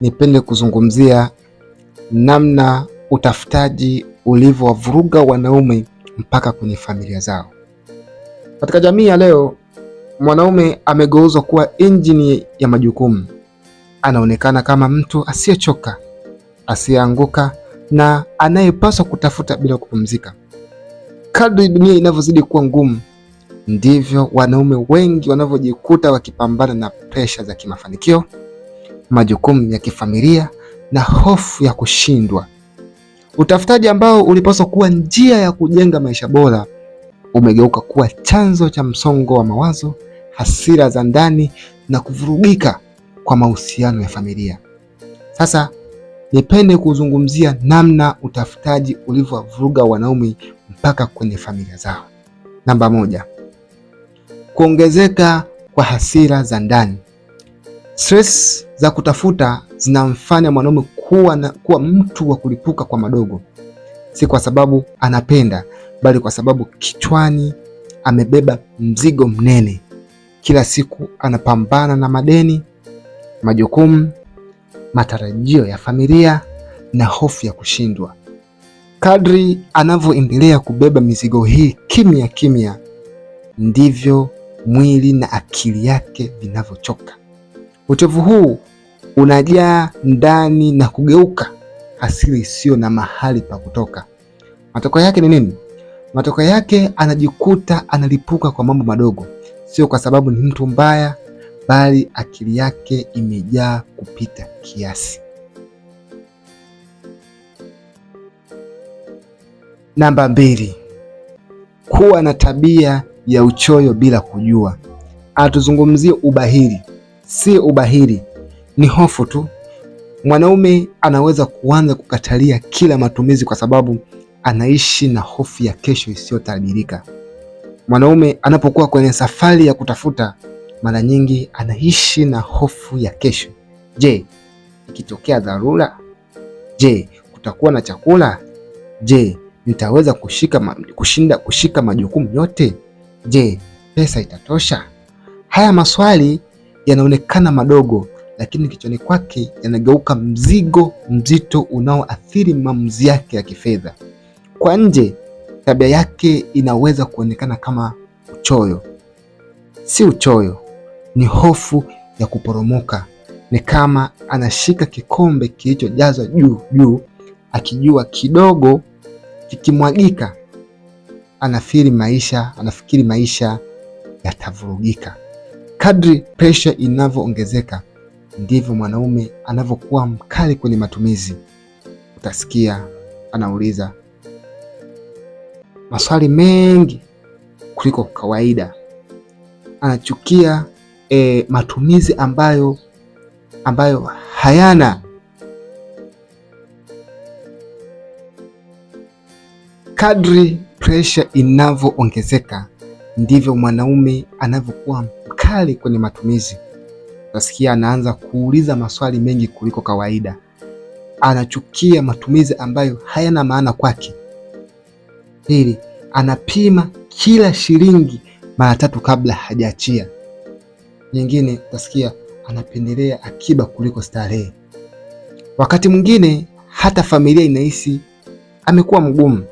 nipende kuzungumzia namna utafutaji ulivyowavuruga wanaume mpaka kwenye familia zao. Katika jamii ya leo, mwanaume amegeuzwa kuwa injini ya majukumu. Anaonekana kama mtu asiyechoka, asiyeanguka na anayepaswa kutafuta bila kupumzika. Kadri dunia inavyozidi kuwa ngumu, ndivyo wanaume wengi wanavyojikuta wakipambana na presha za kimafanikio majukumu ya kifamilia na hofu ya kushindwa. Utafutaji ambao ulipaswa kuwa njia ya kujenga maisha bora umegeuka kuwa chanzo cha msongo wa mawazo, hasira za ndani na kuvurugika kwa mahusiano ya familia. Sasa nipende kuzungumzia namna utafutaji ulivyovuruga wanaume mpaka kwenye familia zao. Namba moja, kuongezeka kwa hasira za ndani. Stress za kutafuta zinamfanya mwanaume kuwa, na, kuwa mtu wa kulipuka kwa madogo, si kwa sababu anapenda, bali kwa sababu kichwani amebeba mzigo mnene. Kila siku anapambana na madeni, majukumu, matarajio ya familia na hofu ya kushindwa. Kadri anavyoendelea kubeba mizigo hii kimya kimya, ndivyo mwili na akili yake vinavyochoka. Uchovu huu unajaa ndani na kugeuka asili isiyo na mahali pa kutoka. Matokeo yake ni nini? Matokeo yake anajikuta analipuka kwa mambo madogo, sio kwa sababu ni mtu mbaya, bali akili yake imejaa kupita kiasi. Namba mbili, kuwa na tabia ya uchoyo bila kujua. Atuzungumzie ubahili, si ubahili ni hofu tu. Mwanaume anaweza kuanza kukatalia kila matumizi kwa sababu anaishi na hofu ya kesho isiyotabirika. Mwanaume anapokuwa kwenye safari ya kutafuta, mara nyingi anaishi na hofu ya kesho. Je, ikitokea dharura? Je, kutakuwa na chakula? Je, nitaweza kushika ma, kushinda kushika majukumu yote? Je, pesa itatosha? Haya maswali yanaonekana madogo lakini kichwani kwake yanageuka mzigo mzito unaoathiri maamuzi yake ya kifedha. Kwa nje, tabia yake inaweza kuonekana kama uchoyo. Si uchoyo, ni hofu ya kuporomoka. Ni kama anashika kikombe kilichojazwa juu juu, akijua kidogo kikimwagika, anafikiri maisha anafikiri maisha yatavurugika. Kadri presha inavyoongezeka ndivyo mwanaume anavyokuwa mkali kwenye matumizi. Utasikia anauliza maswali mengi kuliko kawaida, anachukia e, matumizi ambayo ambayo hayana kadri presha inavyoongezeka ndivyo mwanaume anavyokuwa mkali kwenye matumizi nasikia anaanza kuuliza maswali mengi kuliko kawaida. Anachukia matumizi ambayo hayana maana kwake. Pili, anapima kila shilingi mara tatu kabla hajaachia. Nyingine utasikia anapendelea akiba kuliko starehe. Wakati mwingine hata familia inahisi amekuwa mgumu,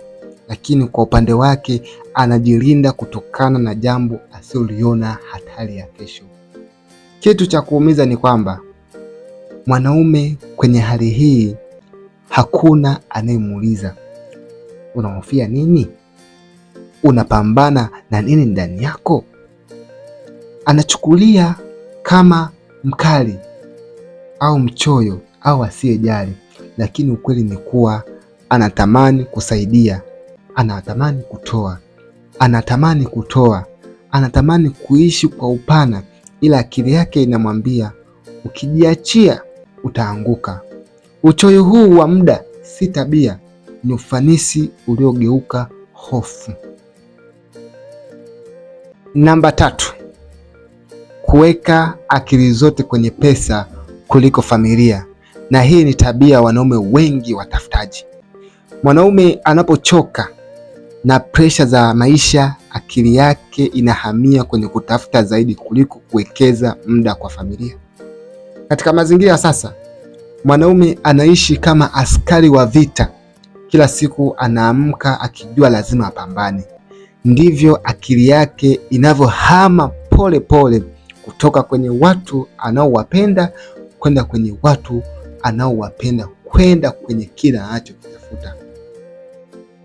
lakini kwa upande wake anajilinda kutokana na jambo asiyoliona hatari ya kesho. Kitu cha kuumiza ni kwamba mwanaume kwenye hali hii hakuna anayemuuliza unahofia nini, unapambana na nini ndani yako. Anachukulia kama mkali au mchoyo au asiyejali, lakini ukweli ni kuwa anatamani kusaidia, anatamani kutoa, anatamani kutoa, anatamani kuishi kwa upana ila akili yake inamwambia ukijiachia utaanguka. Uchoyo huu wa muda si tabia, ni ufanisi uliogeuka hofu. Namba tatu, kuweka akili zote kwenye pesa kuliko familia, na hii ni tabia wanaume wengi watafutaji. Mwanaume anapochoka na presha za maisha, akili yake inahamia kwenye kutafuta zaidi kuliko kuwekeza muda kwa familia. Katika mazingira ya sasa, mwanaume anaishi kama askari wa vita. Kila siku anaamka akijua lazima apambane. Ndivyo akili yake inavyohama pole pole kutoka kwenye watu anaowapenda kwenda kwenye watu anaowapenda kwenda kwenye kila anachokitafuta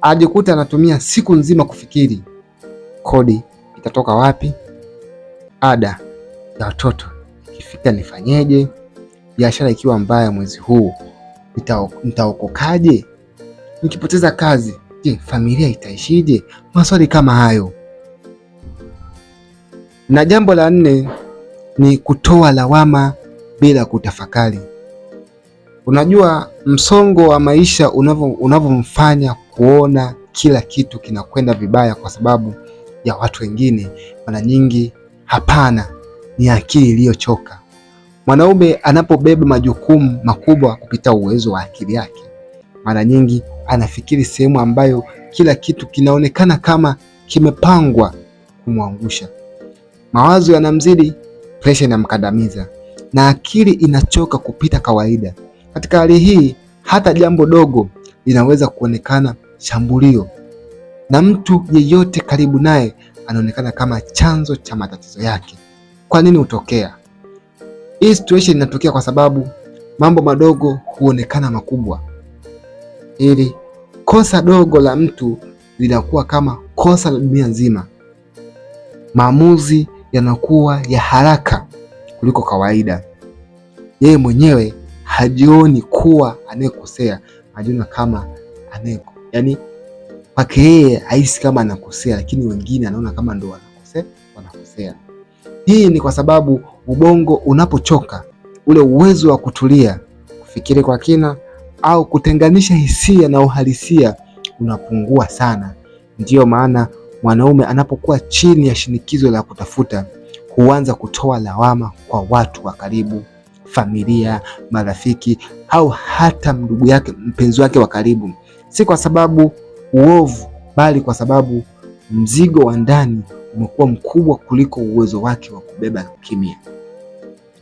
ajikuta anatumia siku nzima kufikiri kodi itatoka wapi, ada ya watoto ikifika nifanyeje, biashara ikiwa mbaya mwezi huu nitaokokaje, nikipoteza kazi je, familia itaishije? Maswali kama hayo. Na jambo la nne ni kutoa lawama bila kutafakari. Unajua msongo wa maisha unavyomfanya kuona kila kitu kinakwenda vibaya kwa sababu ya watu wengine, mara nyingi hapana, ni akili iliyochoka. Mwanaume anapobeba majukumu makubwa kupita uwezo wa akili yake, mara nyingi anafikiri sehemu ambayo kila kitu kinaonekana kama kimepangwa kumwangusha. Mawazo yanamzidi, presha inamkandamiza, na akili inachoka kupita kawaida. Katika hali hii, hata jambo dogo linaweza kuonekana shambulio, na mtu yeyote karibu naye anaonekana kama chanzo cha matatizo yake. Kwa nini hutokea hii situation? Inatokea kwa sababu mambo madogo huonekana makubwa, ili kosa dogo la mtu linakuwa kama kosa la dunia nzima. Maamuzi yanakuwa ya haraka kuliko kawaida. Yeye mwenyewe hajioni kuwa anayekosea, anajiona kama anayeko yani kwake yeye haisi kama anakosea, lakini wengine anaona kama ndo wanakosea, wanakosea. Hii ni kwa sababu ubongo unapochoka, ule uwezo wa kutulia, kufikiri kwa kina au kutenganisha hisia na uhalisia unapungua sana. Ndiyo maana mwanaume anapokuwa chini ya shinikizo la kutafuta huanza kutoa lawama kwa watu wa karibu, familia, marafiki au hata ndugu yake, mpenzi wake wa karibu si kwa sababu uovu, bali kwa sababu mzigo wa ndani umekuwa mkubwa kuliko uwezo wake wa kubeba kimya.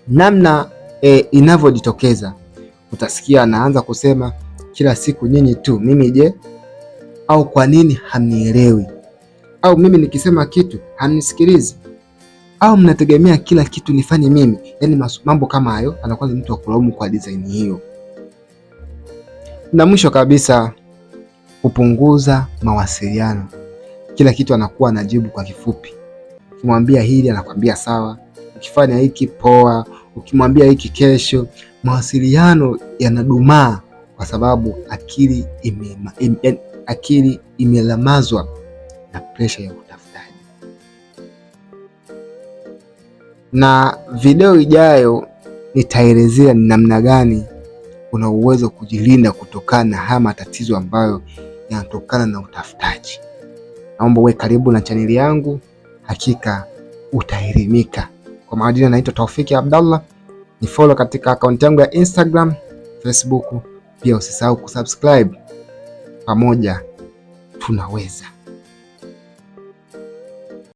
Namna e, inavyojitokeza utasikia anaanza kusema kila siku, nyinyi tu, mimi je? Au kwa nini hamnielewi? Au mimi nikisema kitu hamnisikilizi? Au mnategemea kila kitu nifanye mimi? Yaani mambo kama hayo, anakuwa ni mtu wa kulaumu kwa design hiyo. Na mwisho kabisa hupunguza mawasiliano. Kila kitu anakuwa anajibu kwa kifupi. Ukimwambia hili anakwambia sawa, ukifanya hiki poa, ukimwambia hiki kesho. Mawasiliano yanadumaa kwa sababu akili ime, ime, akili imelamazwa na presha ya utafutaji. Na video ijayo nitaelezea ni namna gani una uwezo kujilinda kutokana na haya matatizo ambayo yanatokana na utafutaji. Naomba uwe karibu na chaneli yangu, hakika utaelimika. Kwa majina naitwa Taufiki Abdallah. Ni follow katika akaunti yangu ya Instagram, Facebook, pia usisahau kusubscribe. Pamoja tunaweza.